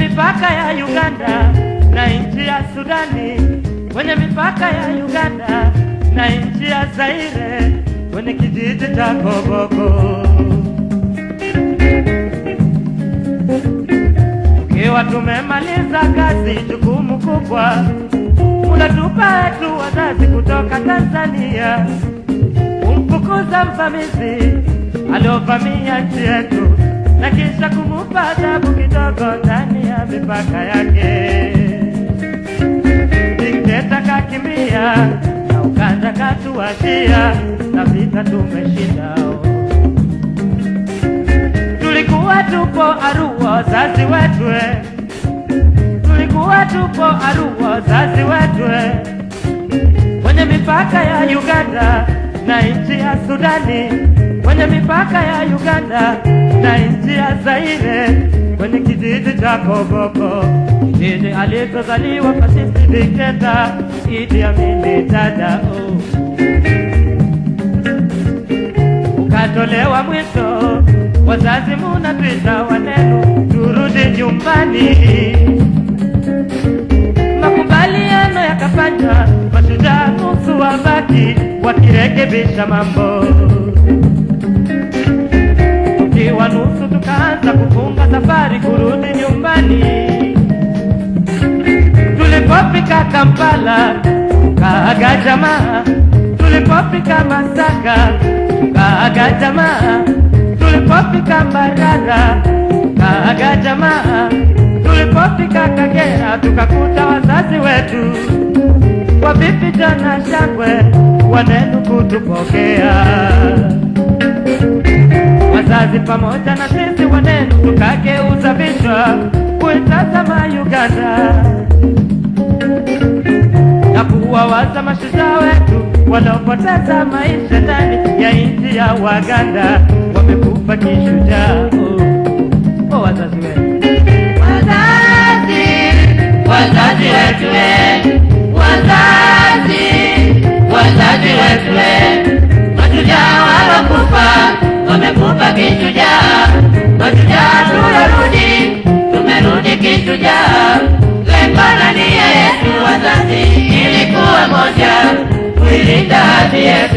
mipaka ya Uganda na nchi ya Sudani, kwenye mipaka ya Uganda na nchi ya Zaire, kwenye kijiji cha Koboko. Ukiwa tumemaliza kazi, jukumu kubwa mulatupa tu wazazi kutoka Tanzania kumfukuza mvamizi aliovamia nchi yetu na kisha kumupa adhabu kidogo ndani ya mipaka yake. Dikteta kakimbia na ukanda katuachia, na vita tumeshinda. Tulikuwa tupo Arua wazazi wetu, tulikuwa tupo Arua wazazi wetu, kwenye mipaka ya Uganda na nchi ya Sudani kwenye mipaka ya Uganda na nchi ya Zaire, kwenye kijiji cha Kokoko, kijiji alikozaliwa fasisi dikteta Idi Amin Dada. Ukatolewa mwito, wazazi munapita wanenu, turudi nyumbani. Makubaliano yakafanywa, mashujaa nusu wabaki wakirekebisha mambo nusu tukaanza kufunga safari kurudi nyumbani. Tulipofika Kampala tukaaga jamaa, tulipofika Masaka tukaaga jamaa, tulipofika Mbarara tukaaga jamaa, tulipofika Kagera tukakuta wazazi wetu, wabibi John na shangwe wanenu kutupokea kazi pamoja na sisi wanenu, tukageuza vichwa kuitazama Uganda na kuwawaza mashujaa wetu waliopoteza maisha ndani ya nchi ya Waganda, wamekufa kishujaa. Oh, oh, wazazi wetu, wazazi, wazazi wetu, wazazi Yes,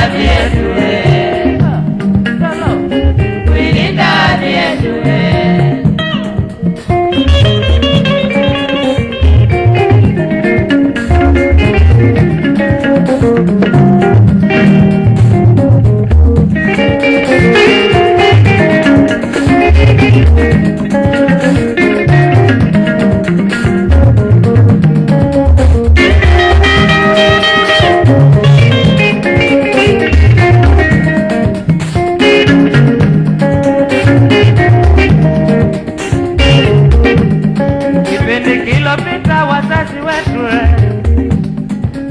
Nazareth. wazazi wetu. Eh.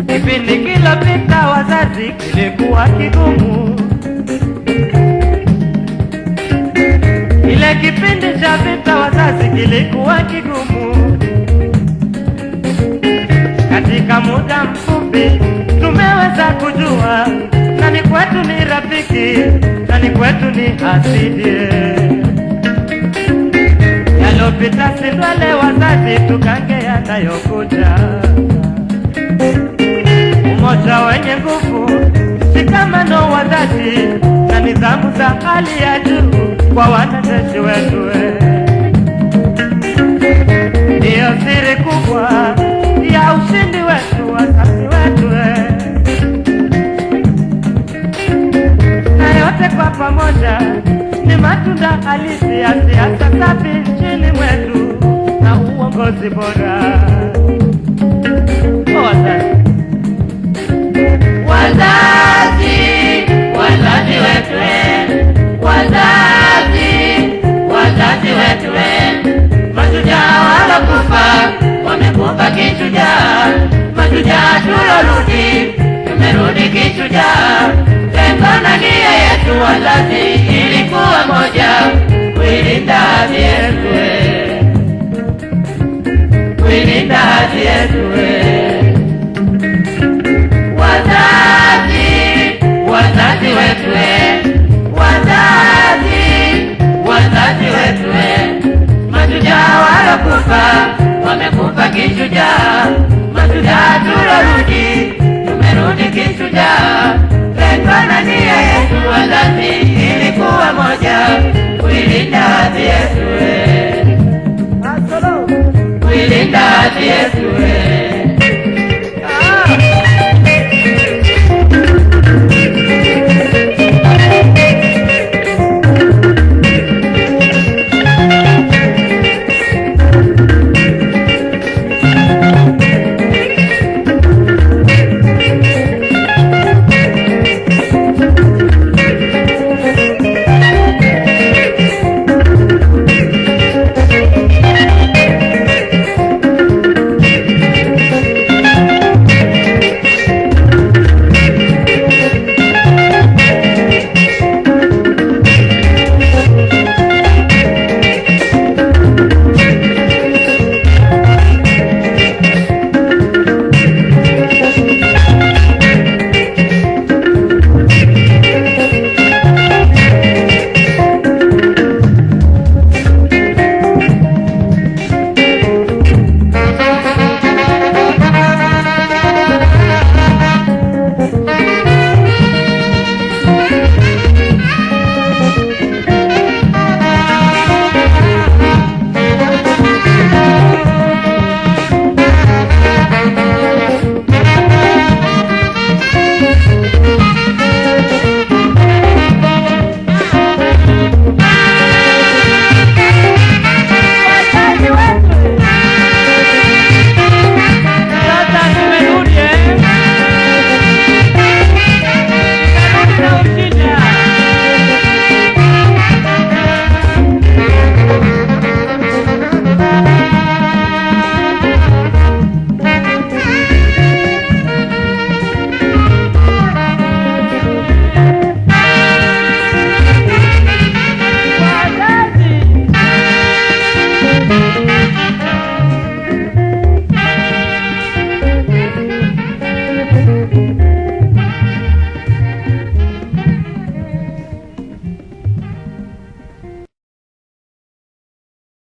Kipindi kilopita wazazi, kilikuwa kigumu, ile kipindi cha vita wazazi, kilikuwa kigumu. Katika muda mfupi tumeweza kujua nani kwetu ni rafiki, nani kwetu ni hasidi. Eh. Yalopita sindwale ndwele wazazi, tukange yanayokuja. Umoja wenye nguvu, shikamano wa dhati na nidhamu za hali ya juu kwa wanajeshi wetu, ndiyo siri kubwa ya ushindi wetu, wazazi wetu, na yote kwa pamoja ni matunda halisi ya siasa safi uongozi bora. Wazazi, wazazi wetu, wazazi, wazazi wetu, mashujaa walokufa wamekufa kishujaa, mashujaa tulorudi tumerudi kishujaa, lengo na nia yetu wazazi ilikuwa moja, kuilinda amani yetu. not yet ready. Yes,